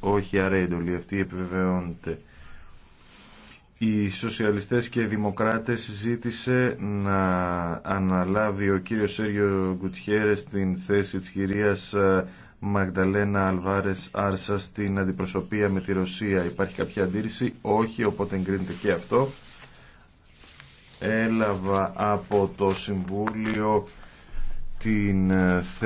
όχι αρέντολοι, η επιβεβαιώνεται. Οι σοσιαλιστές και οι δημοκράτες ζήτησε να αναλάβει ο κύριος Σέργιο Γκουτιέρες την θέση της κυρίας Μαγδαλένα Αλβάρες Άρσα στην αντιπροσωπεία με τη Ρωσία. Υπάρχει κάποια αντίρρηση. Όχι, οπότε εγκρίνεται και αυτό. Έλαβα από το Συμβούλιο την θέση ε,